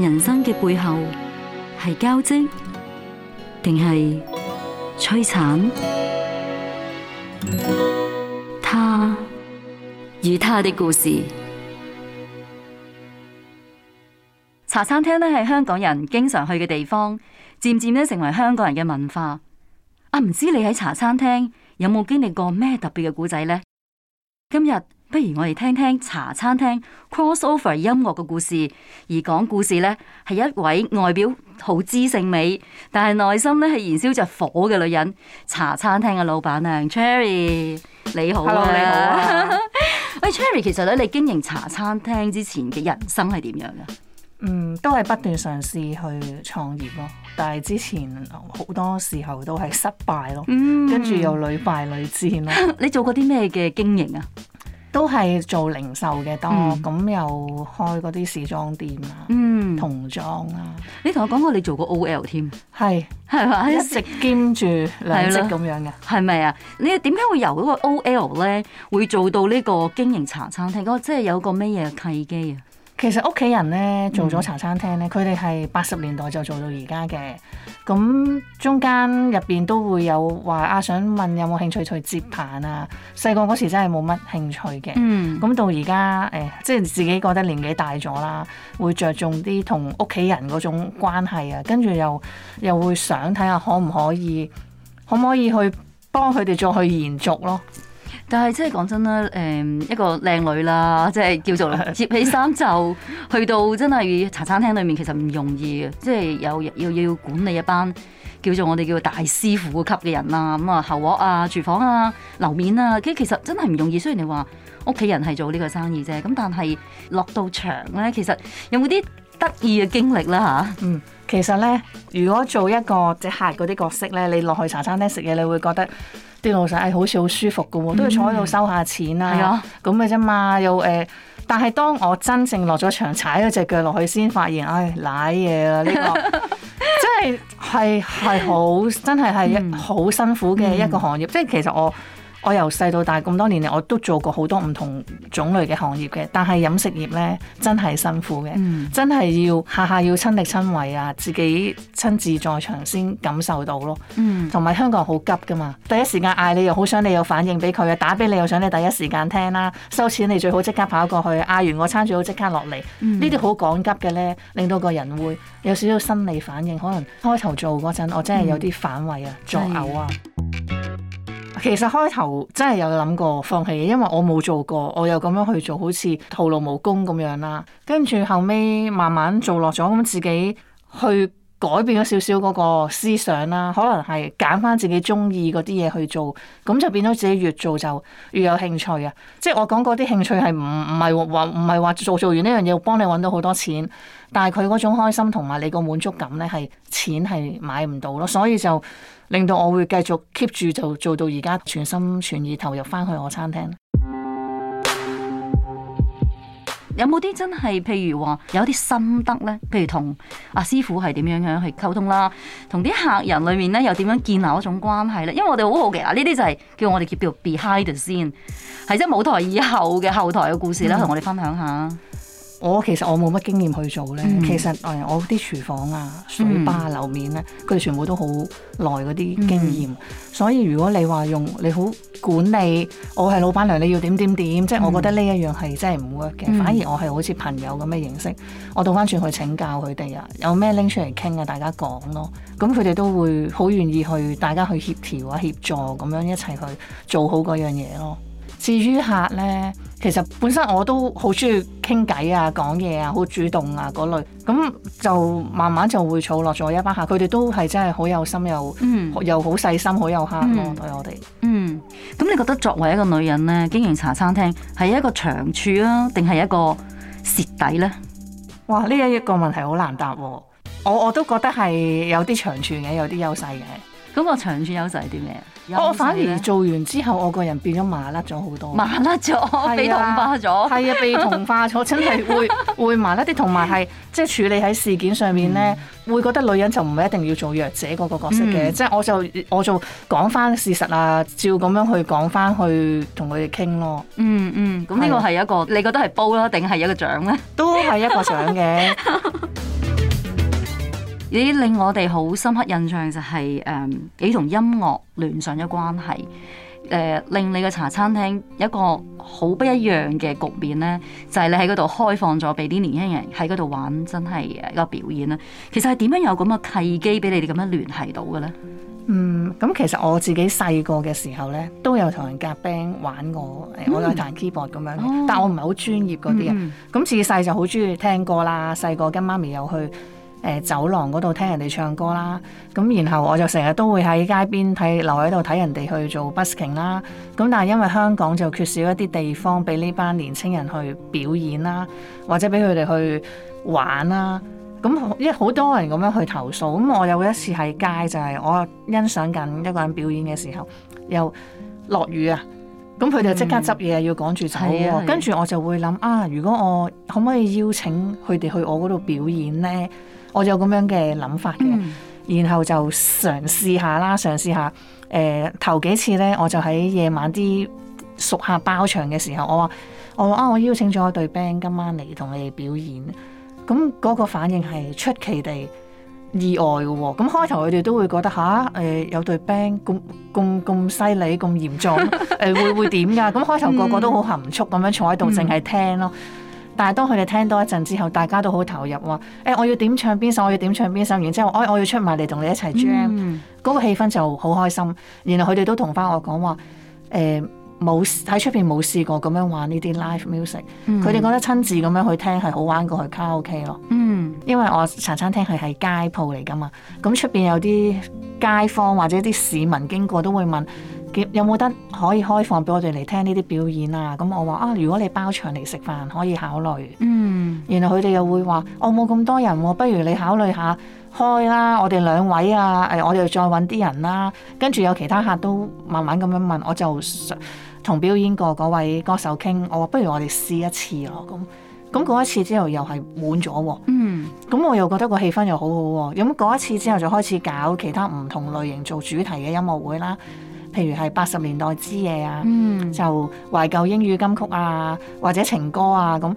人生嘅背後係交織，定係摧殘？他與他的故事。茶餐廳呢，係香港人經常去嘅地方，漸漸呢成為香港人嘅文化。啊，唔知你喺茶餐廳有冇經歷過咩特別嘅古仔呢？今日。不如我哋聽聽茶餐廳 crossover 音樂嘅故事，而講故事咧係一位外表好知性美，但係內心咧係燃燒着火嘅女人。茶餐廳嘅老闆娘 Cherry，你好、啊、Hello, 你好、啊、 喂，Cherry，其實咧你經營茶餐廳之前嘅人生係點樣啊？嗯，都係不斷嘗試去創業咯，但係之前好多時候都係失敗咯，跟住、嗯、又屢敗屢戰咯。 你做過啲咩嘅經營啊？都係做零售嘅檔，咁、嗯、又開嗰啲時裝店、嗯、啊，童裝啊。你同我講過你做過 OL 添是，係係嘛，一直兼住兩職咁的樣嘅，係咪啊？你點解會由嗰個 OL 咧，會做到呢個經營茶餐廳？我即係有個咩嘢契機啊？其實屋企人咧做咗茶餐廳咧，佢哋係八十年代就做到而家嘅。咁中間入邊都會有話啊，想問有冇興趣去接棒啊？細個嗰時真係冇乜興趣嘅。嗯。咁到而家誒，即係自己覺得年紀大咗啦，會着重啲同屋企人嗰種關係啊。跟住又又會想睇下可唔可以，可唔可以去幫佢哋再去延續咯。但係即係講真啦，誒、嗯、一個靚女啦，即係叫做接起衫袖， 去到真係茶餐廳裏面其實唔容易嘅，即係有要要管理一班叫做我哋叫做大師傅級嘅人啦、啊，咁啊後鑊啊、廚房啊、樓面啊，其實真係唔容易。雖然你話屋企人係做呢個生意啫，咁但係落到場咧，其實有冇啲得意嘅經歷咧吓？嗯，其實咧，如果做一個即客嗰啲角色咧，你落去茶餐廳食嘢，你會覺得。啲老細誒、哎、好似好舒服㗎喎、哦，都要坐喺度收下錢啦、啊，咁嘅啫嘛，又誒、呃，但係當我真正落咗場踩咗隻腳落去先，發現唉，瀨嘢啦呢個， 真係係係好真係係好辛苦嘅一個行業，嗯、即係其實我。我由細到大咁多年嚟，我都做過好多唔同種類嘅行業嘅，但係飲食業呢，真係辛苦嘅，嗯、真係要下下要親力親為啊，自己親自在場先感受到咯。同埋、嗯、香港好急噶嘛，第一時間嗌你又好想你有反應俾佢啊，打俾你又想你第一時間聽啦、啊，收錢你最好即刻跑過去，嗌完個餐最好即刻落嚟。呢啲好趕急嘅呢，令到個人會有少少心理反應，可能開頭做嗰陣，我真係有啲反胃啊、嗯、作嘔嗚啊。其實開頭真係有諗過放棄，因為我冇做過，我又咁樣去做好似徒勞無功咁樣啦。跟住後尾慢慢做落咗，咁自己去。改變咗少少嗰個思想啦，可能係揀翻自己中意嗰啲嘢去做，咁就變咗自己越做就越有興趣啊！即係我講嗰啲興趣係唔唔係話唔係話做做完呢樣嘢幫你揾到好多錢，但係佢嗰種開心同埋你個滿足感呢係錢係買唔到咯，所以就令到我會繼續 keep 住就做到而家全心全意投入翻去我餐廳。有冇啲真係，譬如話有一啲心得咧？譬如同阿師傅係點樣樣去溝通啦，同啲客人裏面咧又點樣建立一種關係咧？因為我哋好好奇啊，呢啲就係叫我哋叫做 behind 先，係即係舞台以後嘅後台嘅故事啦，同、嗯、我哋分享下。我其實我冇乜經驗去做呢。嗯、其實誒我啲廚房啊、水吧、啊、樓、嗯、面咧，佢哋全部都好耐嗰啲經驗，嗯、所以如果你話用你好管理，我係老闆娘，你要點點點，嗯、即係我覺得呢一樣係真係唔 work 嘅，嗯、反而我係好似朋友咁嘅形式，嗯、我倒翻轉去請教佢哋啊，有咩拎出嚟傾啊，大家講咯，咁佢哋都會好願意去，大家去協調啊、協助咁樣一齊去做好嗰樣嘢咯。至於客呢。其實本身我都好中意傾偈啊、講嘢啊、好主動啊嗰類，咁就慢慢就會儲落咗一班客，佢哋都係真係好有心有、嗯、又又好細心、好有心咯、啊，嗯、對我哋。嗯，咁你覺得作為一個女人呢，經營茶餐廳係一個長處啊，定係一個蝕底呢？哇！呢、這、一個問題好難答、啊，我我都覺得係有啲長處嘅，有啲優勢嘅。咁個長處優勢係啲咩？我反而做完之後，我個人變咗麻甩咗好多，麻甩咗， 被同化咗。係啊， 啊，被同化咗，真係會 會麻甩啲，同埋係即係處理喺事件上面咧，嗯、會覺得女人就唔係一定要做弱者嗰個角色嘅。即係、嗯、我就我就講翻事實、嗯嗯、啊，照咁樣去講翻去同佢哋傾咯。嗯嗯，咁呢個係一個你覺得係煲啦、啊，定係一個獎咧、啊？都係一個獎嘅。 你令我哋好深刻印象就係、是、誒、嗯、你同音樂聯上咗關係，誒、呃、令你嘅茶餐廳一個好不一樣嘅局面咧，就係、是、你喺嗰度開放咗俾啲年輕人喺嗰度玩，真係一個表演啦。其實係點樣有咁嘅契機俾你哋咁樣聯繫到嘅咧？嗯，咁其實我自己細個嘅時候咧，都有同人夾 band 玩過，誒、嗯，我有彈 keyboard 咁樣，哦、但我唔係好專業嗰啲人。咁、嗯嗯、自細就好中意聽歌啦，細個跟媽咪又去，誒、走廊嗰度聽人哋唱歌啦，咁然後我就成日都會喺街邊睇留喺度睇人哋去做 busking 啦。咁但係因為香港就缺少一啲地方俾呢班年青人去表演啦，或者俾佢哋去玩啦。咁因為好多人咁樣去投訴。咁我有一次喺街就係我欣賞緊一個人表演嘅時候，又落雨、嗯、啊。咁佢哋即刻執嘢要趕住走喎。跟住我就會諗啊，如果我可唔可以邀請佢哋去我嗰度表演呢？」我就有咁樣嘅諗法嘅，然後就嘗試下啦，嘗試下。誒、呃，頭幾次咧，我就喺夜晚啲熟客包場嘅時候，我話我話啊，我邀請咗一對 band 今晚嚟同你哋表演。咁嗰個反應係出奇地意外嘅喎、哦。咁開頭佢哋都會覺得吓，誒、啊呃，有對 band 咁咁咁犀利，咁嚴重，誒、 呃，會會點㗎？咁開頭個個都好含蓄咁樣坐喺度，淨係、嗯嗯、聽咯。但係當佢哋聽多一陣之後，大家都好投入話：誒、欸，我要點唱邊首，我要點唱邊首。然之後，我我要出埋嚟同你一齊 jam，嗰個氣氛就好開心。然後佢哋都同翻我講話：誒、欸，冇喺出邊冇試過咁樣玩呢啲 live music，佢哋、嗯、覺得親自咁樣去聽係好玩過去卡拉 OK 咯。嗯，因為我茶餐廳係係街鋪嚟㗎嘛，咁出邊有啲街坊或者啲市民經過都會問。有冇得可以開放俾我哋嚟聽呢啲表演啊？咁我話啊，如果你包場嚟食飯，可以考慮。嗯。然後佢哋又會話：我冇咁多人喎，不如你考慮下開啦。我哋兩位啊，誒，我哋再揾啲人啦。跟住有其他客都慢慢咁樣問，我就同表演過嗰位歌手傾，我話不如我哋試一次咯。咁咁嗰一次之後又係滿咗喎。嗯。咁我又覺得個氣氛又好好喎。咁嗰一次之後就開始搞其他唔同類型做主題嘅音樂會啦。譬如係八十年代之夜啊，嗯、就懷舊英語金曲啊，或者情歌啊，咁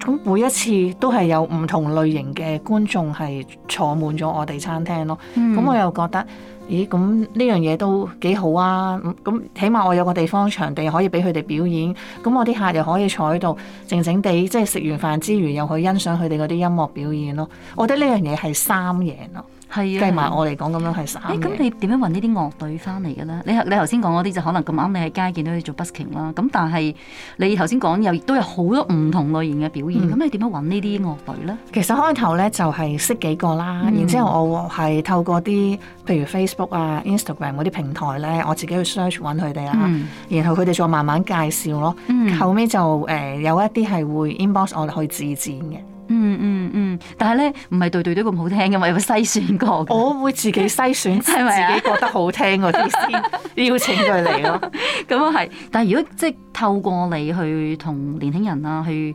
咁每一次都係有唔同類型嘅觀眾係坐滿咗我哋餐廳咯。咁、嗯、我又覺得，咦咁呢樣嘢都幾好啊！咁、嗯、起碼我有個地方場地可以俾佢哋表演，咁我啲客又可以坐喺度靜靜地，即係食完飯之餘又去欣賞佢哋嗰啲音樂表演咯。我覺得呢樣嘢係三贏咯。計埋我嚟講咁樣係三。誒、欸，咁你點樣揾呢啲樂隊翻嚟嘅咧？你你頭先講嗰啲就可能咁啱你喺街見到你做 busking 啦。咁但係你頭先講又都有好多唔同類型嘅表演。咁、嗯、你點樣揾呢啲樂隊咧？其實開頭咧就係、是、識幾個啦。嗯、然之後我係透過啲譬如 Facebook 啊、Instagram 嗰啲平台咧，我自己去 search 揾佢哋啦。嗯、然後佢哋再慢慢介紹咯。嗯、後尾就誒有一啲係會 inbox 我哋去自薦嘅。嗯嗯嗯，但係咧，唔係對對都咁好聽嘅嘛，有冇篩選過？我會自己篩選，即係自己覺得好聽嗰啲先邀請佢嚟咯。咁啊係，但係如果即係透過你去同年輕人啦，去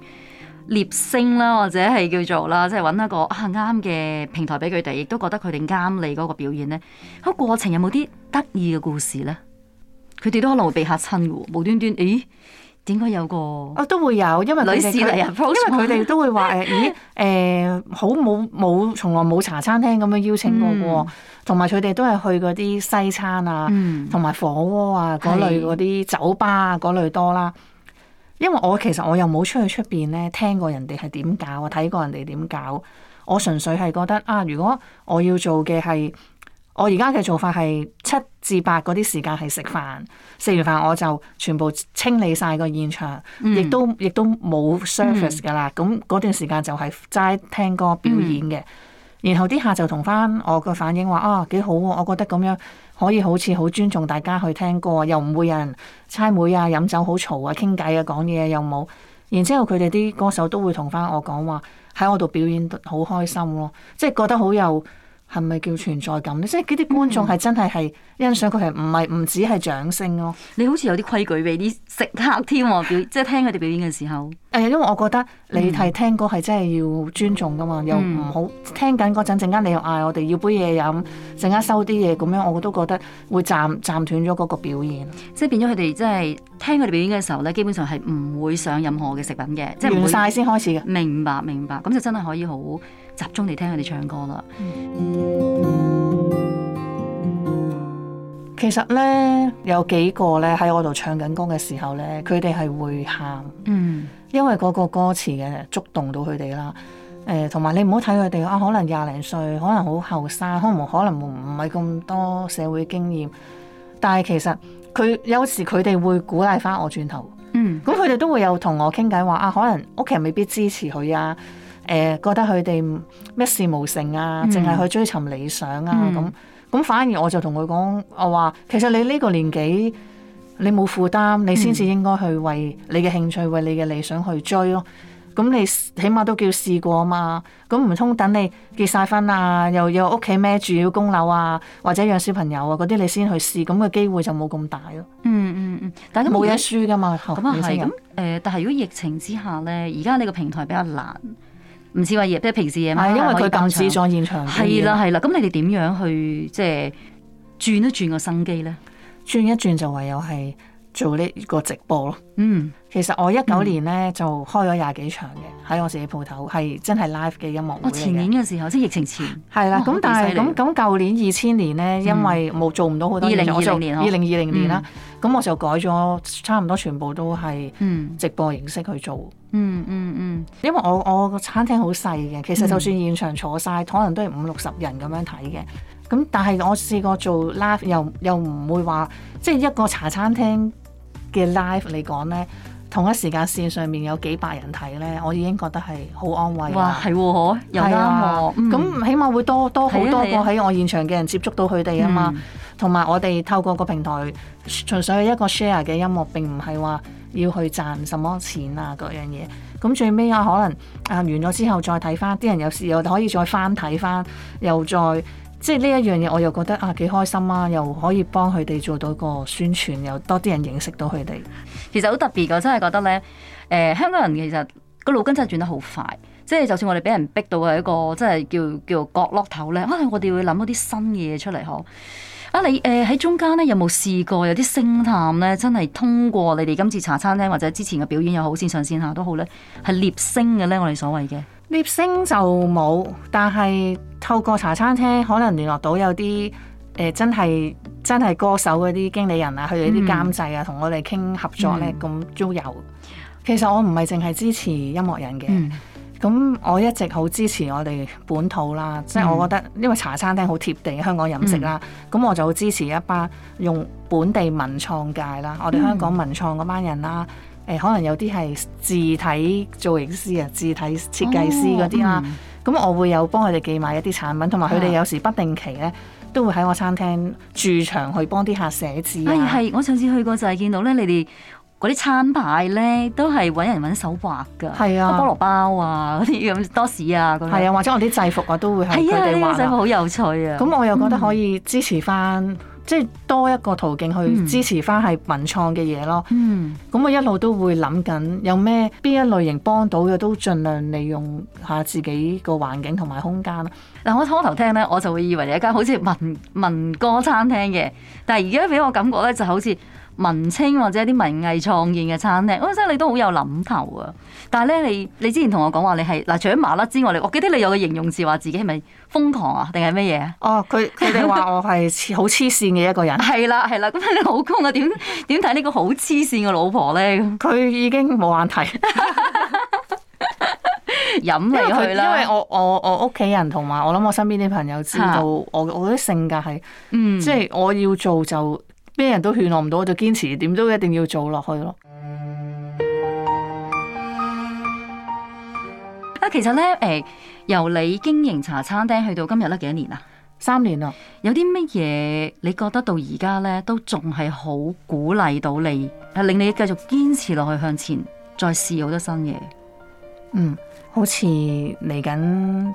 獵星啦，或者係叫做啦，即係揾一個啊啱嘅平台俾佢哋，亦都覺得佢哋啱你嗰個表演咧，個過程有冇啲得意嘅故事咧？佢哋都可能會被嚇親嘅喎，無端端誒。欸點解有個啊？啊都會有，因為女士嚟啊，因為佢哋都會話誒， 咦誒、欸，好冇冇從來冇茶餐廳咁樣邀請過喎，同埋佢哋都係去嗰啲西餐啊，同埋、嗯、火鍋啊嗰類嗰啲酒吧啊嗰是類多啦。因為我其實我又冇出去出邊咧聽過人哋係點搞，我睇過人哋點搞。我純粹係覺得啊，如果我要做嘅係。我而家嘅做法係七至八嗰啲時間係食飯，食完飯我就全部清理晒個現場，亦都亦都冇 service 噶啦。咁嗰段時間就係齋聽歌表演嘅。然後啲客就同返我個反應話：啊幾好啊，我覺得咁樣可以好似好尊重大家去聽歌，又唔會有人猜枚啊、飲酒好嘈啊、傾偈啊、講嘢又冇。然之後佢哋啲歌手都會同返我講話喺我度表演好開心咯，啊，即係覺得好有。係咪叫存在感咧？即係佢啲觀眾係真係係欣賞佢，係唔係唔止係掌聲咯、啊？你好似有啲規矩俾啲食客添， 即係聽佢哋表演嘅時候。誒，因為我覺得你係聽歌係真係要尊重噶嘛，嗯、又唔好聽緊嗰陣，陣間你又嗌我哋要杯嘢飲，陣間收啲嘢咁樣，我都覺得會暫暫斷咗嗰個表演。即係變咗佢哋，即係聽佢哋表演嘅時候咧，基本上係唔會上任何嘅食品嘅，即係完晒先開始嘅。明白明白，咁就真係可以好集中嚟聽佢哋唱歌啦。嗯、其實咧，有幾個咧喺我度唱緊歌嘅時候咧，佢哋係會喊，嗯，因為嗰個歌詞嘅觸動到佢哋啦。誒、呃，同埋你唔好睇佢哋啊，可能廿零歲，可能好後生，可能可能唔係咁多社會經驗，但係其實佢有時佢哋會鼓勵返我轉頭，嗯，咁佢哋都會有同我傾偈話啊，可能屋企人未必支持佢啊。誒覺得佢哋咩事無成啊，淨係去追尋理想啊咁咁，反而我就同佢講，我話其實你呢個年紀，你冇負擔，你先至應該去為你嘅興趣、為你嘅理想去追咯。咁你起碼都叫試過嘛？咁唔通等你結晒婚啊，又有屋企孭住要供樓啊，或者養小朋友啊嗰啲，你先去試，咁嘅機會就冇咁大咯。嗯嗯嗯，但係冇嘢輸噶嘛。咁啊係咁誒，但係如果疫情之下咧，而家呢個平台比較難。唔似話夜，即係平時夜晚可以現場。係啦係啦，咁你哋點樣去即係轉一轉個生機咧？轉一轉，轉，一轉就唯有係。做呢個直播咯，嗯，其實我一九年咧就開咗廿幾場嘅喺我自己鋪頭，係真係 live 嘅音樂。我前年嘅時候，即係疫情前，係啦。咁但係咁咁舊年二千年咧，因為冇做唔到好多。二零二零年，二零二零年啦，咁我就改咗差唔多全部都係直播形式去做。嗯嗯嗯，因為我我個餐廳好細嘅，其實就算現場坐晒，可能都係五六十人咁樣睇嘅。咁但係我試過做 live 又又唔會話，即係一個茶餐廳。嘅 live 嚟講呢，同一時間線上面有幾百人睇呢，我已經覺得係好安慰。哇，係喎，可有得望啊。咁的、嗯、起碼會多多好多個喺我現場嘅人接觸到佢哋啊嘛。同埋我哋透過個平台，純粹係一個 share 嘅音樂，並唔係話要去賺什麼錢啊嗰樣嘢。咁最尾啊，可能啊完咗之後再睇翻，啲人有時又，又可以再翻睇翻，又再。即係呢一樣嘢，我又覺得啊幾開心啊，又可以幫佢哋做到個宣傳，又多啲人認識到佢哋。其實好特別㗎，我真係覺得呢。誒、呃、香港人其實個腦筋真係轉得好快。即係就算我哋俾人逼到係一個，即係叫叫角落頭咧，啊我哋會諗到啲新嘢出嚟嗬，啊你誒喺、呃、中間呢，有冇試過有啲星探呢？真係通過你哋今次茶餐廳或者之前嘅表演又好，線上線下都好呢，係獵星嘅呢，我哋所謂嘅。碟聲就冇，但係透過茶餐廳，可能聯絡到有啲誒、欸、真係真係歌手嗰啲經理人啊，佢哋啲監製啊，同我哋傾合作咧，咁都有。其實我唔係淨係支持音樂人嘅，咁、嗯、我一直好支持我哋本土啦，即係、嗯、我覺得因為茶餐廳好貼地，香港飲食啦，咁、嗯、我就好支持一班用本地文創界啦，嗯、我哋香港文創嗰班人啦。誒可能有啲係字體造型師啊、字體設計師嗰啲啦，咁、哦嗯、我會有幫佢哋寄買一啲產品，同埋佢哋有時不定期咧的都會喺我餐廳駐場去幫啲客寫字。係、哎，我上次去過就係見到咧，你哋嗰啲餐牌咧都係揾人揾手畫噶？係的啊，菠蘿包啊嗰啲咁多士啊，係啊，或者我啲制服啊都會係佢哋畫。啲制服好有趣啊！咁我又覺得可以支持翻、嗯。即係多一個途徑去支持翻係文創嘅嘢咯。咁、嗯、我一路都會諗緊有咩邊一類型幫到嘅，都盡量利用下自己個環境同埋空間咯。嗱、嗯，我初頭聽咧，我就會以為係一間好似民民歌餐廳嘅，但係而家俾我感覺咧就好似。文青或者一啲文藝創意嘅餐廳，我覺得你都好有諗頭啊！但係咧，你你之前同我講話，你係嗱，除咗麻甩之外，你我記得你有個形容詞話自己係咪瘋狂啊？定係咩嘢？哦，佢佢哋話我係好黐線嘅一個人。係啦，係啦，咁你老公啊點點睇呢個好黐線嘅老婆咧？佢已經冇眼睇，飲嚟去啦。因為我我我屋企人同埋我諗我身邊啲朋友知道我我啲性格係，即係我要做就。咩人都勸我唔到，我就堅持，點都一定要做落去咯。啊，其實咧，誒、呃，由你經營茶餐廳去到今日咧，幾多年啊？三年啦。有啲乜嘢你覺得到而家咧都仲係好鼓勵到你，係令你繼續堅持落去向前，再試好多新嘢。嗯，好似嚟緊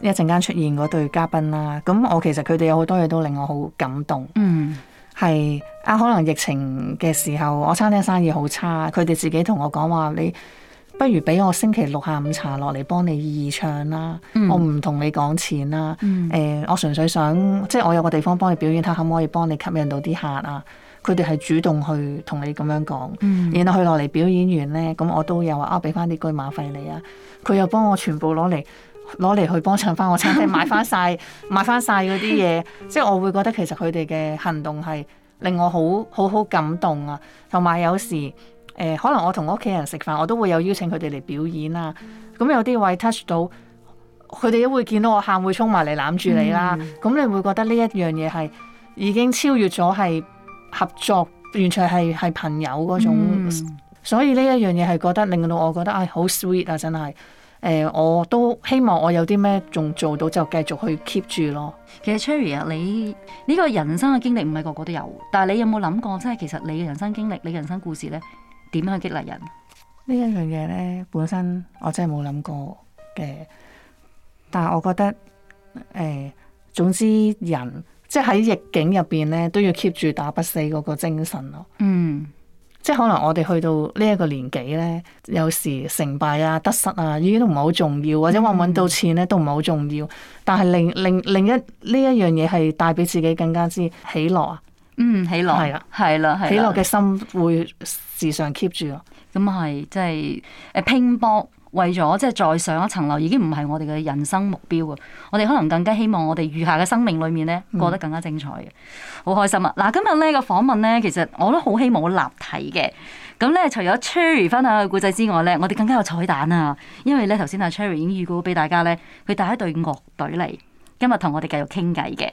一陣間出現嗰對嘉賓啦、啊。咁我其實佢哋有好多嘢都令我好感動。嗯。係啊，可能疫情嘅時候，我餐廳生意好差，佢哋自己同我講話，你不如俾我星期六下午茶落嚟幫你義唱啦。嗯、我唔同你講錢啦，誒、嗯呃，我純粹想即係我有個地方幫你表演，睇可唔可以幫你吸引到啲客啊？佢哋係主動去同你咁樣講，嗯、然後佢落嚟表演完咧，咁我都有話啊，俾翻啲車馬費你啊。佢又幫我全部攞嚟。攞嚟去幫襯翻我餐廳， 買翻晒，買翻晒嗰啲嘢，即係我會覺得其實佢哋嘅行動係令我好好好感動啊！同埋有時誒、呃，可能我同屋企人食飯，我都會有邀請佢哋嚟表演啊！咁有啲位 touch 到，佢哋都會見到我喊，會衝埋嚟攬住你啦！咁你會覺得呢一樣嘢係已經超越咗係合作，完全係係朋友嗰種。嗯、所以呢一樣嘢係覺得令到我覺得啊，好 sweet 啊，真係～真誒、呃，我都希望我有啲咩仲做到，就繼續去 keep 住咯。其實 Cherry 啊，你呢個人生嘅經歷唔係個個都有，但係你有冇諗過，即係其實你嘅人生經歷、你人生故事咧，點樣去激勵人？呢一樣嘢咧，本身我真係冇諗過嘅，但係我覺得誒、呃，總之人即係喺逆境入邊咧，都要 keep 住打不死嗰個精神咯。嗯。即係可能我哋去到呢一個年紀咧，有時成敗啊、得失啊，已經都唔係好重要，或者話揾到錢咧都唔係好重要。但係另另另一呢一樣嘢係帶俾自己更加之喜樂啊。嗯，喜樂係啊，係咯的，喜樂嘅心會時常 keep 住咯。咁係即係誒拼搏。為咗即係再上一層樓，已經唔係我哋嘅人生目標啊！我哋可能更加希望我哋餘下嘅生命裏面咧，過得更加精彩嘅，好、嗯、開心啊！嗱，今日呢個訪問咧，其實我都好希望立體嘅。咁咧，除咗 Cherry 分享嘅故仔之外咧，我哋更加有彩蛋啊！因為咧，頭先阿 Cherry 已經預告俾大家咧，佢帶一隊樂隊嚟，今日同我哋繼續傾偈嘅。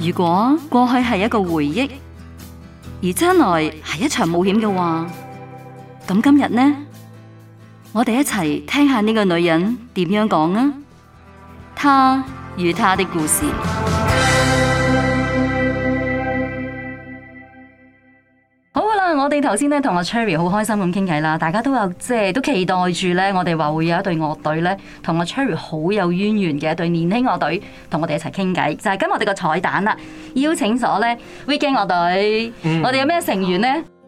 如果過去係一個回憶，而將來係一場冒險嘅話。咁今日呢，我哋一齊聽下呢個女人點樣講啊，她與她的故事。好啦，我哋頭先呢同阿 Cherry 好開心咁傾偈啦，大家都有即係都期待住咧，我哋話會有一對樂隊咧，同阿 Cherry 好有淵源嘅一對年輕樂隊，同我哋一齊傾偈，就係今日，我哋個彩蛋啦。邀請咗咧，Weekend 樂隊，mm hmm. 我哋有咩成員呢？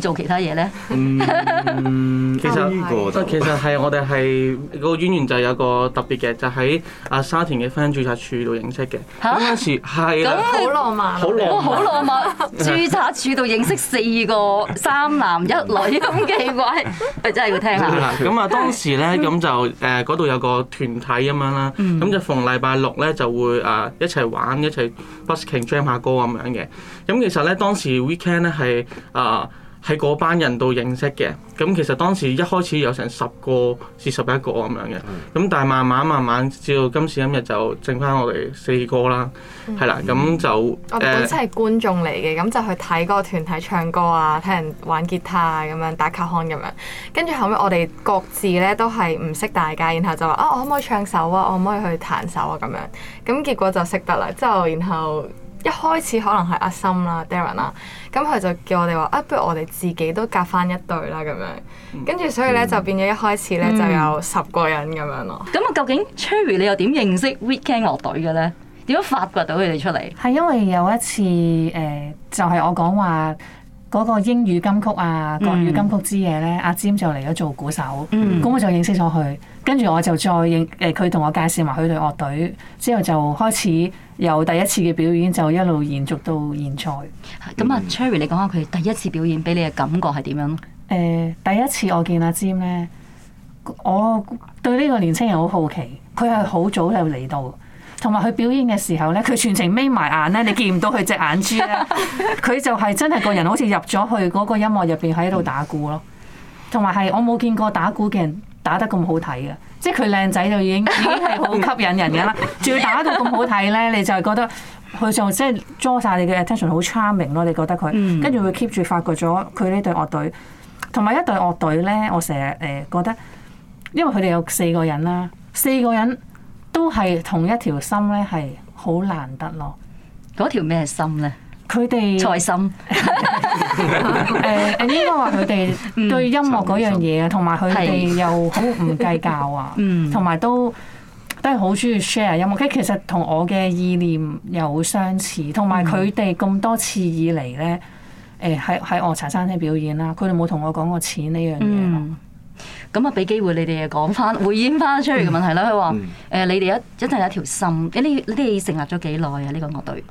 做其他嘢咧，嗯，其實，其實係我哋係個演員，就有個特別嘅，就喺啊沙田嘅婚姻註冊處度認識嘅。咁啊，當時係啦，好浪漫，好浪漫，註冊處度認識四個三男一女，咁奇怪，咪真係要聽下。咁啊，當時咧，咁就誒嗰度有個團體咁樣啦，咁就逢禮拜六咧就會啊一齊玩，一齊 busking jam 下歌咁樣嘅。咁其實咧，當時 weekend 咧係啊喺嗰班人度認識嘅。咁其實當時一開始有成十個至十一個咁樣嘅。咁、嗯、但係慢慢慢慢，直到今時今日就剩翻我哋四個啦。係啦、嗯，咁就、嗯、我哋本身係觀眾嚟嘅，咁就去睇個團體唱歌啊，睇人玩吉他啊，咁樣打卡康咁樣。跟住後尾我哋各自咧都係唔識大家，然後就話啊，我可唔可以唱首啊？我可唔可以去彈首啊？咁樣咁結果就識得啦。之後然後。一開始可能係阿森啦、Darren 啦，咁佢就叫我哋話：啊，不如我哋自己都夾翻一對啦，咁樣。Mm hmm. 跟住所以咧就變咗一開始咧就有十個人咁樣咯。咁啊、嗯，究竟 Cherry 你又點認識 Weekend 樂隊嘅咧？點樣發掘到佢哋出嚟？係因為有一次誒，就係我講話嗰個英語金曲啊、國語金曲之夜咧、嗯，阿 Jam 就嚟咗做鼓手，咁我就認識咗佢。跟住我就再應誒，佢同我介紹埋佢隊樂隊，之後就開始由第一次嘅表演就一路延續到現在。咁啊，Cherry，你講下佢第一次表演俾你嘅感覺係點樣？誒、嗯嗯，第一次我見阿 Jim 咧，我對呢個年輕人好好奇，佢係好早就嚟到，同埋佢表演嘅時候咧，佢全程眯埋眼咧，你見唔到佢隻眼珠咧，佢 就係真係個人好似入咗去嗰個音樂入邊喺度打鼓咯，同埋係我冇見過打鼓嘅人。打得咁好睇嘅，即係佢靚仔就已經已經係好吸引人嘅啦，仲要 打到咁好睇咧，你就係覺得佢就即係抓晒你嘅 attention，好 charming 咯，你覺得佢，跟住、嗯、會 keep 住發掘咗佢呢隊樂隊，同埋一隊樂隊咧，我成日誒覺得，因為佢哋有四個人啦，四個人都係同一條心咧，係好難得咯，嗰條咩心咧？佢哋財深心，誒應該話佢哋對音樂嗰樣嘢啊，同埋佢哋又好唔計較啊，同埋是的、 嗯、都都係好中意 share 音樂。咁其實同我嘅意念又好相似，同埋佢哋咁多次以嚟咧，誒喺喺我茶餐廳表演啦，佢哋冇同我講過錢呢樣嘢咯。咁啊、嗯，俾機會你哋又講翻，回應翻出嚟嘅問題啦。佢話誒，你哋一一陣有條心，誒你你哋成立咗幾耐啊？呢、呢個樂隊。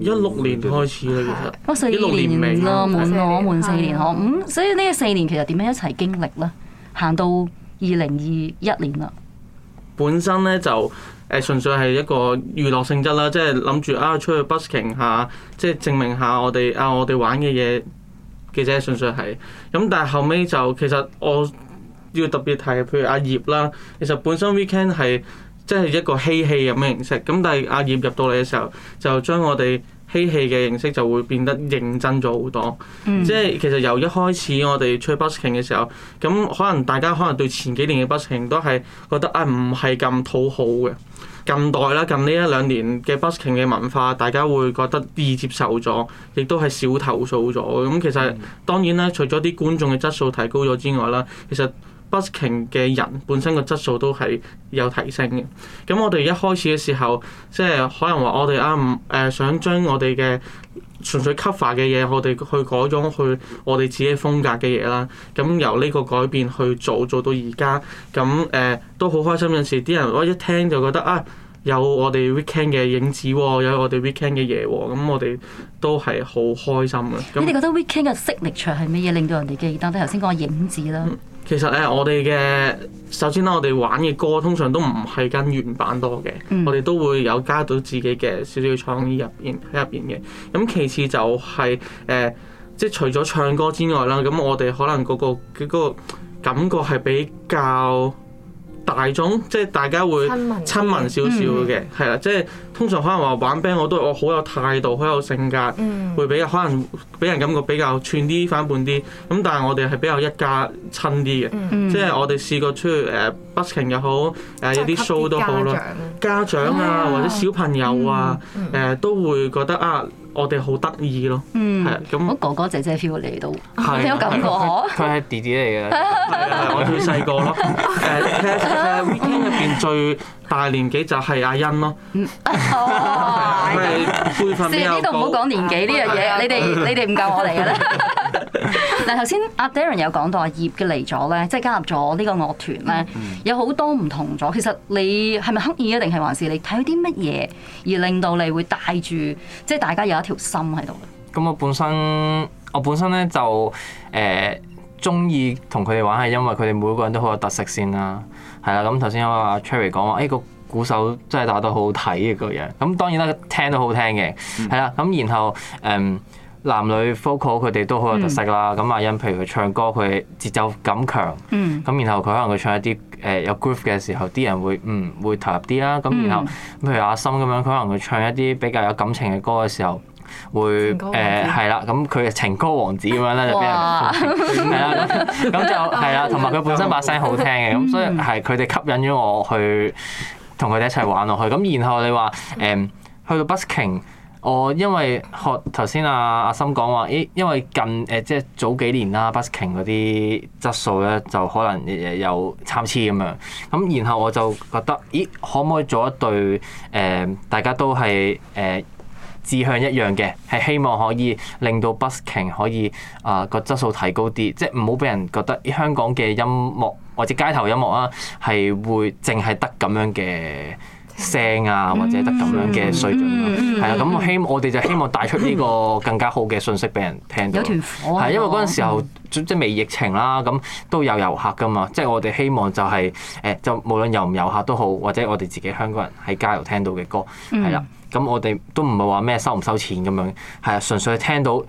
一六年開始啦，其實一六年未，咯，滿我的滿四年可，嗯的，所以呢四年其實點樣一齊經歷咧，行到二零二一年啦。本身呢就誒、呃、純粹係一個娛樂性質啦，即係諗住啊出去 busking 下，即、就、係、是、證明下我哋啊我哋玩嘅嘢。記者純粹係咁、嗯，但係後尾就其實我要特別提，譬如阿葉啦，其實本身 weekend 係。即係一個嬉戲咁嘅形式，咁但係阿葉入到嚟嘅時候，就將我哋嬉戲嘅形式就會變得認真咗好多。嗯、即係其實由一開始我哋吹 busking 嘅時候，咁可能大家可能對前幾年嘅 busking 都係覺得啊唔係咁討好嘅。近代啦，近呢一兩年嘅 busking 嘅文化，大家會覺得易接受咗，亦都係少投訴咗。咁其實當然啦，除咗啲觀眾嘅質素提高咗之外啦，其實 Busking 嘅人本身個質素都係有提升嘅。咁我哋一開始嘅時候，即係可能話我哋啊誒想將我哋嘅純粹 cover 嘅嘢，我哋去改裝去我哋自己風格嘅嘢啦。咁由呢個改變去做做到而家，咁誒、呃、都好開心。有時啲人我一聽就覺得啊，有我哋 Weekend 嘅影子喎，有我哋 Weekend 嘅嘢喎。咁我哋都係好開心嘅。你哋覺得 Weekend 嘅吸引力係乜嘢？令到人哋記得，等等頭先講影子啦。嗯其實咧，我哋嘅首先啦，我哋玩嘅歌通常都唔係跟原版多嘅，嗯、我哋都會有加到自己嘅少少創意入邊喺入邊嘅。咁其次就係、是、誒、呃，即係除咗唱歌之外啦，咁我哋可能嗰、嗰個嗰、嗰個感覺係比較大眾即係大家會親民少少嘅，係啦、嗯，即係通常可能話玩 band 我都我好有態度，好有性格，嗯、會比較可能俾人感覺比較串啲、反叛啲。咁但係我哋係比較一家親啲嘅，嗯、即係我哋試過出去誒 busking 又好，誒一啲 show 都好咯，家長啊，啊或者小朋友啊誒、嗯嗯啊、都會覺得啊。我哋好得意咯，係啊，咁哥哥姐姐 feel 你都，有感覺。佢係弟弟嚟嘅，係啊，我最細個咯。誒，其實 WeTV 入邊最大年紀就係阿欣咯。哦 、oh, I got， 唔係，輩分比較高。呢度唔好講年紀呢樣嘢，你哋你哋唔夠我哋㗎啦。 嗱，頭先阿 Darren 有講到阿葉嘅嚟咗咧，即係加入咗呢個樂團咧，嗯嗯、有好多唔同咗。其實你係咪刻意啊，定係還是你睇到啲乜嘢而令到你會帶住，即係大家有一條心喺度。咁我本身，我本身咧就誒鍾意同佢哋玩，係因為佢哋每個人都好有特色先啦。係啦，咁頭先有阿 Cherry 講話，誒、哎那個鼓手真係打得好好睇嘅個嘢。咁當然啦，聽都好聽嘅，係啦、嗯。咁然後誒。嗯男女 vocal 佢哋都好有特色啦。咁阿、嗯啊、欣，譬如佢唱歌，佢節奏感強，咁、嗯、然後佢可能佢唱一啲誒有 groove 嘅時候，啲人會嗯會投入啲啦。咁、嗯、然後譬如阿森咁樣，佢可能佢唱一啲比較有感情嘅歌嘅時候，會，誒，係啦。咁佢嘅情歌王子咁樣咧就俾人係啦。咁就係哇 啦。同埋佢本身把聲好聽嘅，咁、嗯、所以係佢哋吸引咗我，我去同佢哋一齊玩落去。咁、嗯、 然，然後你話，誒，去到 busking。我、哦、因為學頭先阿啊森講話，咦？因為近誒、呃、即係早幾年啦，busking 嗰啲質素咧就可能有參差咁樣。咁然後我就覺得，咦？可唔可以做一對誒、呃、大家都係誒、呃、志向一樣嘅，係希望可以令到 busking 可以啊個、呃、質素提高啲，即係唔好俾人覺得香港嘅音樂或者街頭音樂啊，係會淨係得咁樣嘅。聲啊，或者得咁樣嘅水準咯，係啊、嗯，咁我希我哋就希望帶出呢個更加好嘅信息俾人聽到，係因為嗰陣時候、嗯、即係未疫情啦，咁都有遊客噶嘛，即係我哋希望就係、是、誒，就無論遊唔遊客都好，或者我哋自己香港人喺街度聽到嘅歌，係啦、嗯，咁我哋都唔係話咩收唔收錢咁樣，係啊，純粹係聽到，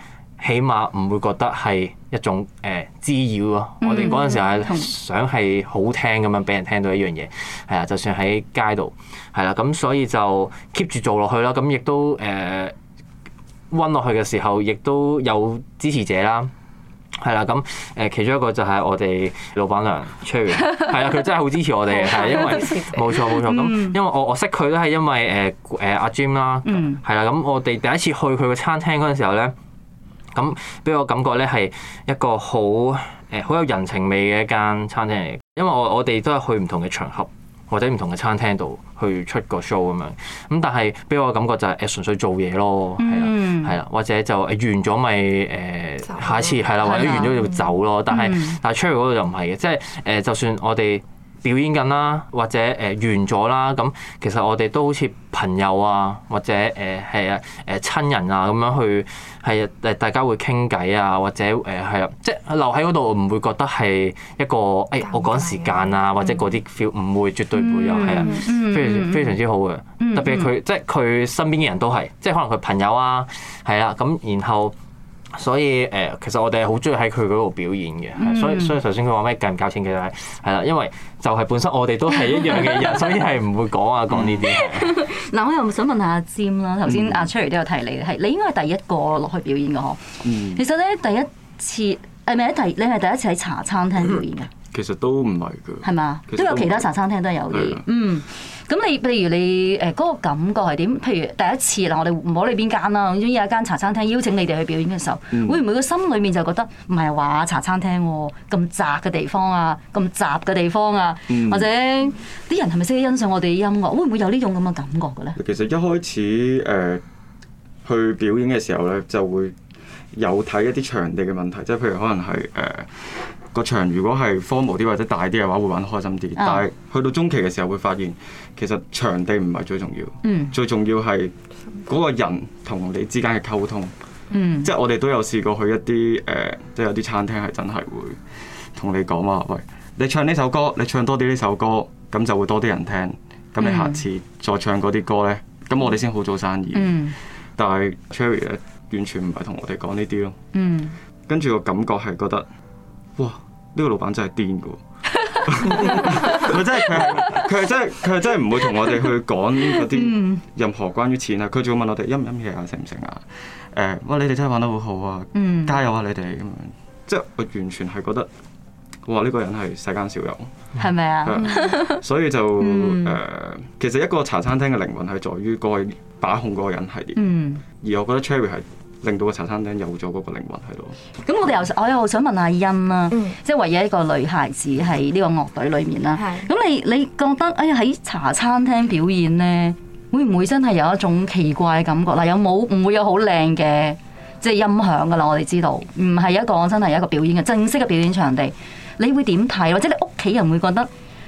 起碼唔會覺得係。一種誒滋擾咯，我哋嗰陣時係想係好聽咁樣俾人聽到一樣嘢，係啦，就算喺街度，係啦，咁所以就 keep 住做落去啦，咁亦都誒溫落去嘅時候，亦都有支持者啦，係啦，咁誒其中一個就係我哋老闆娘 Cherry，係啦，佢真係好支持我哋嘅，係 因為冇錯冇錯，咁因為我我識佢都係因為誒誒阿 Jim 啦，係啦，咁我哋第一次去佢個餐廳嗰陣時候咧。咁俾我感覺咧係一個好誒好有人情味嘅一間餐廳嚟，因為我我哋都係去唔同嘅場合或者唔同嘅餐廳度去出個 show 咁樣，咁但係俾我感覺就係誒純粹做嘢咯，係啦係啦，或者就、欸、完咗咪誒下一次係啦，或者完咗要走咯。但係但係出去嗰度就唔係嘅，即係誒就算我哋。表演緊啦，或者誒、呃、完咗啦，咁其實我哋都好似朋友啊，或者誒係啊誒親人啊咁樣去係啊誒大家會傾偈啊，或者誒係啊，即係留喺嗰度唔會覺得係一個誒、哎、我趕時間啊，或者嗰啲 feel 唔會絕對唔會有係啊，非常、嗯、非常之好嘅，特別係佢、嗯嗯、即係佢身邊嘅人都係，即係可能佢朋友啊係啦，咁然後。所以誒，其實我哋係好中意喺佢嗰度表演嘅、嗯，所以所以頭先佢話咩計唔計錢，其實係係啦，因為就係本身我哋都係一樣嘅人， 所以係唔會啊、嗯、講啊講呢啲嗱，我又想問下阿占啦，頭先阿 Cherry 都有提你係，你應該係第一個落去表演嘅嗬，嗯、其實咧第一次誒咪一你係第一次喺茶餐廳表演嘅？嗯 其實都唔係㗎，係嘛吧？都有其他茶餐廳都有嘅。是的 嗯，咁你譬如你誒嗰、呃那個感覺係點？譬如第一次嗱，我哋唔好理邊間啦、啊，咁樣有一間茶餐廳邀請你哋去表演嘅時候，嗯、會唔會個心裏面就覺得唔係話茶餐廳咁、啊、窄嘅地方啊，咁雜嘅地方啊，嗯、或者啲人係咪識欣賞我哋音樂？會唔會有呢種咁嘅感覺嘅咧？其實一開始誒、呃、去表演嘅時候咧，就會有睇一啲場地嘅問題，即係譬如可能係誒。呃個場如果係荒無啲或者大啲嘅話，會玩開心啲。但係去到中期嘅時候，會發現其實場地唔係最重要，嗯、最重要係嗰個人同你之間嘅溝通。嗯、即係我哋都有試過去一啲誒、呃，即係有啲餐廳係真係會同你講話喂，你唱呢首歌，你唱多啲呢首歌，咁就會多啲人聽。咁你下次再唱嗰啲歌呢，咁我哋先好做生意。嗯、但係 Cherry 咧，完全唔係同我哋講呢啲咯。嗯，跟住個感覺係覺得。哇！呢、呢個老闆真係癲㗎喎，佢 真係佢係佢係真係佢係真係唔會同我哋去講嗰啲任何關於錢啊，佢仲、mm. 要問我哋飲唔飲嘢啊，成唔成啊？誒，哇！你哋真係玩得好好啊，mm. 加油啊你哋咁樣，即係我完全係覺得，哇！呢、呢個人係世間少有，係咪啊？ 所以就誒、mm. 呃，其實一個茶餐廳嘅靈魂係在於嗰個把控嗰個人係點，mm. 而我覺得 Cherry 係。令到個茶餐廳有咗嗰個靈魂喺度。咁、嗯、我哋又，我又想問，問下欣啦、啊，嗯、即係唯一一個女孩子喺呢個樂隊裏面啦、啊。咁是你，你覺得誒喺、哎、茶餐廳表演呢，會唔會真係有一種奇怪嘅感覺？嗱，有冇唔會有好靚嘅即係音響噶啦？我哋知道，唔係一個真係有一個表演嘅正式嘅表演場地。你會點睇？或者你屋企人會覺得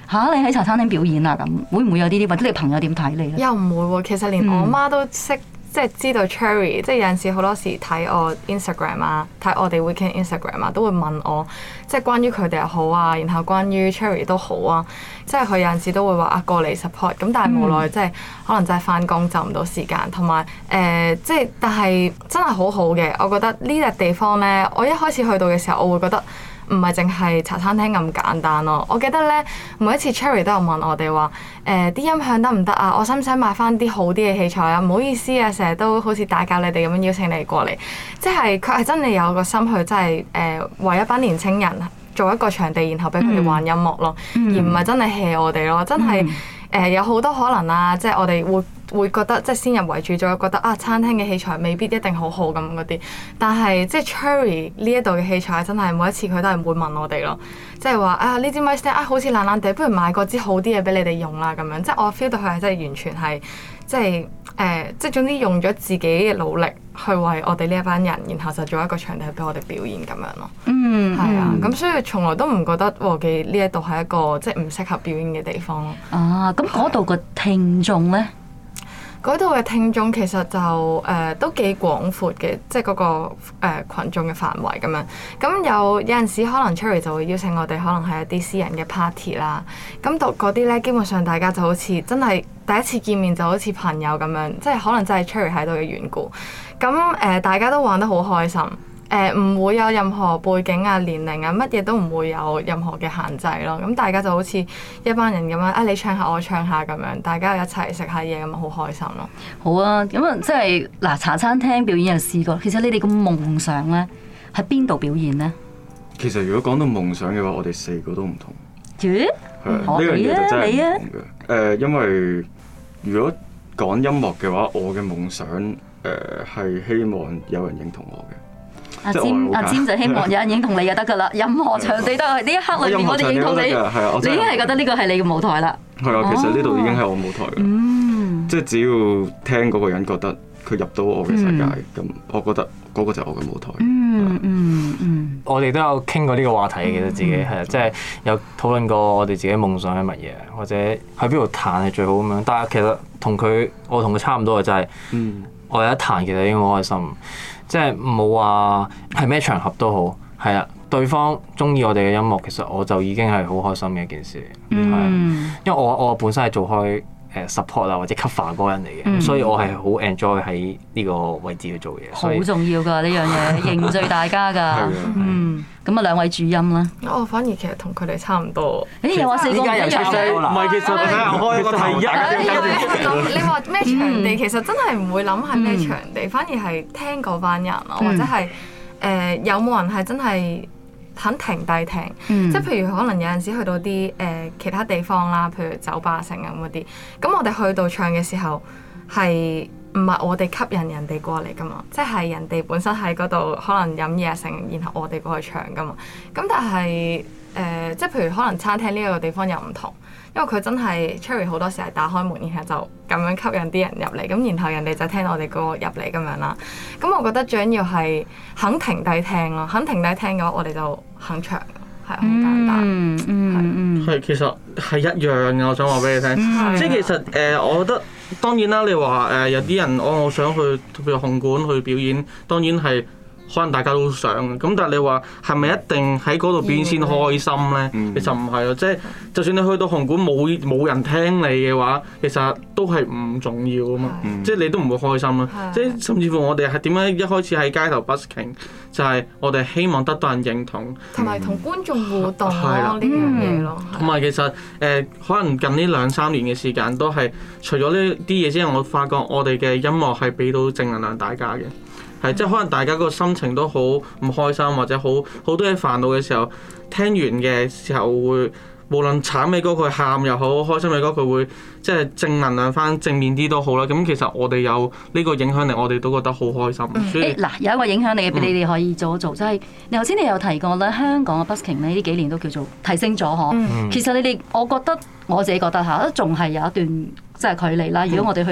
吓、啊，你喺茶餐廳表演啦、啊、咁，會唔會有啲啲？或者你朋友點睇你？又唔會喎、啊，其實連我媽都識、嗯。即係知道 Cherry，即係有陣時好多時睇我 Instagram 啊，睇我哋 weekend Instagram 啊，都會問我即係關於佢哋又好啊，然後關於 Cherry 都好啊，即係佢有陣時都會話啊過嚟 support，咁但係無奈即係可能真係翻工就唔到時間，同埋誒即係但係真係好好嘅，我覺得呢笪地方呢，我一開始去到嘅時候，我會覺得。唔係淨係茶餐廳咁簡單咯，我記得呢，每一次 Cherry 都有問我哋話，誒、呃、啲音響得唔得啊？我想唔想買翻啲好啲嘅器材啊？唔好意思啊，成日都好似打攪你哋咁樣邀請你過嚟，即係佢係真係有個心去真，真係誒為一班年青人做一個場地，然後俾佢哋玩音樂咯，mm hmm. 而唔係真係 hea 我哋咯，真係誒、mm hmm. 呃、有好多可能啦、啊，即係我哋會。會覺得即係先入為主，咗，覺得啊餐廳嘅器材未必一定好好咁嗰啲，但係即係 Cherry 呢一度嘅器材真係每一次佢都係會問我哋咯，即係話啊呢支麥 stick 啊好似爛爛地，不如買個支好啲嘢俾你哋用啦咁樣。即係我 feel 到佢係真係完全係即係誒，即係總之用咗自己嘅努力去為我哋呢一班人，然後就做一個場地俾我哋表演咁樣咯。嗯，係啊，咁所以從來都唔覺得和記呢一度係一個即係唔適合表演嘅地方咯。啊，咁嗰度嘅聽眾咧？嗰度嘅聽眾其實就誒、呃、都幾廣闊嘅，即係、那、嗰個、呃、羣眾嘅範圍咁樣。咁有有陣時可能 Cherry 就會邀請我哋，可能係一啲私人嘅 party 啦。咁到嗰啲呢，基本上大家就好似真係第一次見面，就好似朋友咁樣，即係可能真係 Cherry 喺度嘅緣故。咁誒、呃，大家都玩得好開心。誒唔、呃、會有任何背景啊、年齡啊，乜嘢都唔會有任何嘅限制咯。咁、嗯、大家就好似一班人咁樣，啊你唱下我唱下咁樣，大家一齊食下嘢咁啊，好、嗯、開心咯！好啊，咁、嗯、啊，即係嗱茶餐廳表演又試過。其實你哋嘅夢想呢，喺邊度表演呢？其實如果講到夢想嘅話，我哋四個都唔同。咦、嗯？係、嗯、啊，呢樣嘢就真係唔同嘅。因為如果講音樂嘅話，我嘅夢想誒係、呃、希望有人認同我嘅。阿詹，阿詹就希望有人影同你就得噶啦，任何場地都係呢一刻裏面，我哋影同你，我已經係覺得呢個係你嘅舞台啦。係啊，其實呢度已經係我舞台啦。即係只要聽嗰個人覺得佢入到我嘅世界，咁我覺得嗰個就係我嘅舞台。我哋都有傾過呢個話題，其實自己係即係有討論過我哋自己夢想係乜嘢，或者喺邊度彈係最好咁樣。但係其實同佢，我同佢差唔多嘅就係我一彈，其實已經好開心，即係冇話係咩場合都好，係啊，對方中意我哋嘅音樂，其實我就已經係好開心嘅一件事嚟，mm.，因為我我本身係做開。誒 support 啊，或者 cover 嗰人嚟嘅，所以我係好 enjoy 喺呢個位置去做嘢，好重要㗎呢樣嘢，凝聚大家㗎。嗯，咁啊，兩位主音啦。哦，反而其實同佢哋差唔多。咦，又話四個人，依家唔係其實睇下開一個。你話咩場地，其實真係唔會諗係咩場地，反而係聽嗰班人啊，或者係誒有冇人係真係。肯停低停，嗯、即係譬如可能有陣時去到啲誒、呃、其他地方啦，譬如酒吧城咁嗰啲，咁我哋去到唱嘅時候係唔係我哋吸引人哋過嚟㗎嘛？即係人哋本身喺嗰度可能飲嘢成，然後我哋過去唱㗎嘛？咁但係誒、呃，即係譬如可能餐廳呢個地方又唔同。因為佢真係 Cherry 好多時係打開門，然後就咁樣吸引啲人入嚟，咁然後人哋就聽我哋歌入嚟咁樣啦。咁我覺得最緊要係肯停低聽咯，肯停低聽嘅話我，我哋就肯唱，係好簡單。嗯嗯係是其實係一樣嘅，我想話俾你聽。的即係其實誒、呃，我覺得當然啦，你話誒、呃、有啲人我我想去，譬如紅館去表演，當然係。可能大家都想嘅，咁但係你話係咪一定喺嗰度邊先開心呢？嗯、其實唔係咯，即、就、係、是、就算你去到紅館冇冇人聽你嘅話，其實都係唔重要啊嘛。嗯、即係你都唔會開心啊。嗯、即係甚至乎我哋係點樣一開始喺街頭 busking，就係我哋希望得到人認同，同埋同觀眾互動係咯呢樣嘢咯。同埋其實誒、呃，可能近呢兩三年嘅時間都係除咗呢啲嘢之外，我發覺我哋嘅音樂係俾到正能量大家嘅。係，即係可能大家個心情都好唔開心，或者好好多嘢煩惱嘅時候，聽完嘅時候會無論慘嘅歌佢喊又好，開心嘅歌佢會即係正能量翻正面啲都好啦。咁其實我哋有呢個影響力，我哋都覺得好開心。嗱、嗯欸，有一個影響力嘅，你哋可以做一做，嗯、就係你頭先你有提過啦，香港嘅 busking 咧呢幾年都叫做提升咗嗬。嗯嗯、其實你哋，我覺得我自己覺得嚇，都仲係有一段。即係距離啦。如果我哋去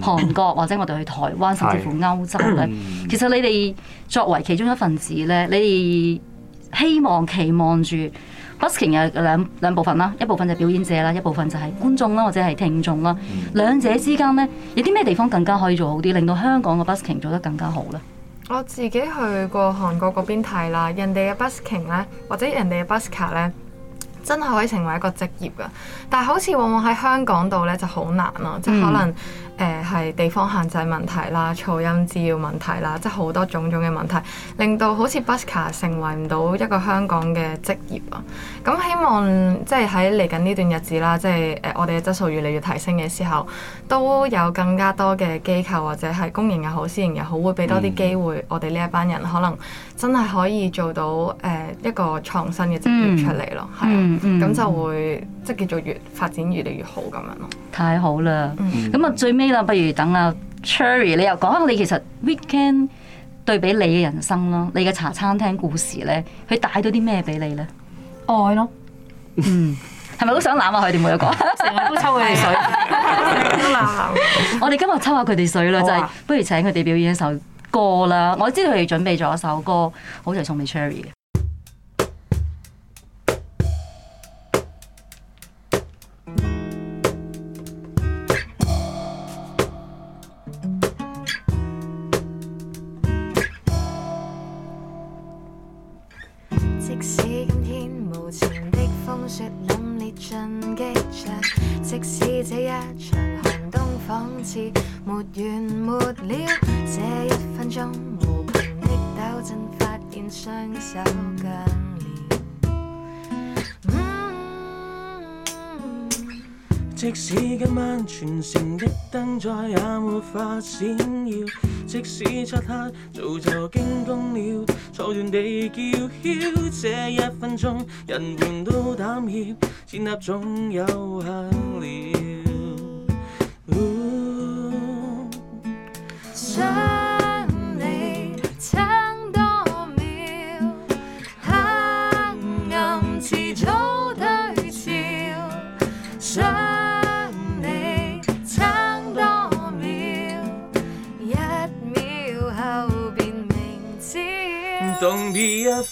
韓國或者我哋去台灣，甚至乎歐洲咧，其實你哋作為其中一份子咧，你哋希望期望住 busking 嘅兩兩部分啦，一部分就表演者啦，一部分就係觀眾啦或者係聽眾啦。兩者之間咧，有啲咩地方更加可以做好啲，令到香港嘅 busking 做得更加好咧？我自己去過韓國嗰邊睇啦，人哋嘅 busking 咧，或者人哋嘅 busker 咧。真係可以成為一個職業㗎，但係好似往往喺香港度呢就好難咯、啊，即係可能誒係、嗯呃、地方限制問題啦、噪音滋擾問題啦，即係好多種種嘅問題，令到好似 busker 成為唔到一個香港嘅職業啊。咁、嗯、希望即係喺嚟緊呢段日子啦，即係誒我哋嘅質素越嚟越提升嘅時候，都有更加多嘅機構或者係公營又好、私營又好，會俾多啲機會、嗯、我哋呢一班人可能。真係可以做到誒一個創新嘅職業出嚟咯，係、yeah. 咁、mm hmm. 就會即係叫做越發展越嚟越好咁樣咯。太好啦！咁啊、mm hmm. 最尾啦，不如等阿 Cherry 你又講下你其實 Weekend 對比你嘅人生啦，你嘅茶餐廳故事咧，佢帶到啲咩俾你咧？愛咯、哦，啊、 嗯，係咪好想攬下佢哋冇有講？成日 都抽佢哋水，我哋今日抽下佢哋水啦，就係、是、不如請佢哋表演一首。歌啦，我知道佢哋準備咗一首歌，好似係送俾 Cherry 嘅。全城的燈再也沒法閃耀，即使漆黑驚驚，早就驚弓了，錯斷地叫囂，這一分鐘人們都膽怯，建立總有限了。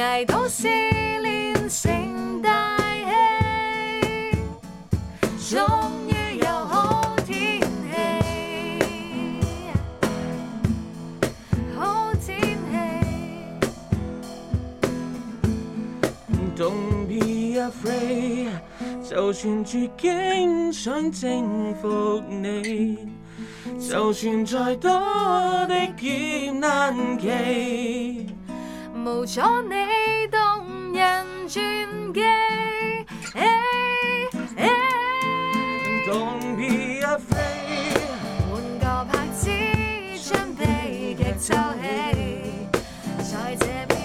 捱到失戀成大器，終於有好天氣。嗯、好天氣。Don't be afraid，就算絕境想征服你，就算再多的劫難期。無阻你動人傳記，Don't be afraid，換、哎、個拍子將悲 Don't be afraid 劇抽起，在這。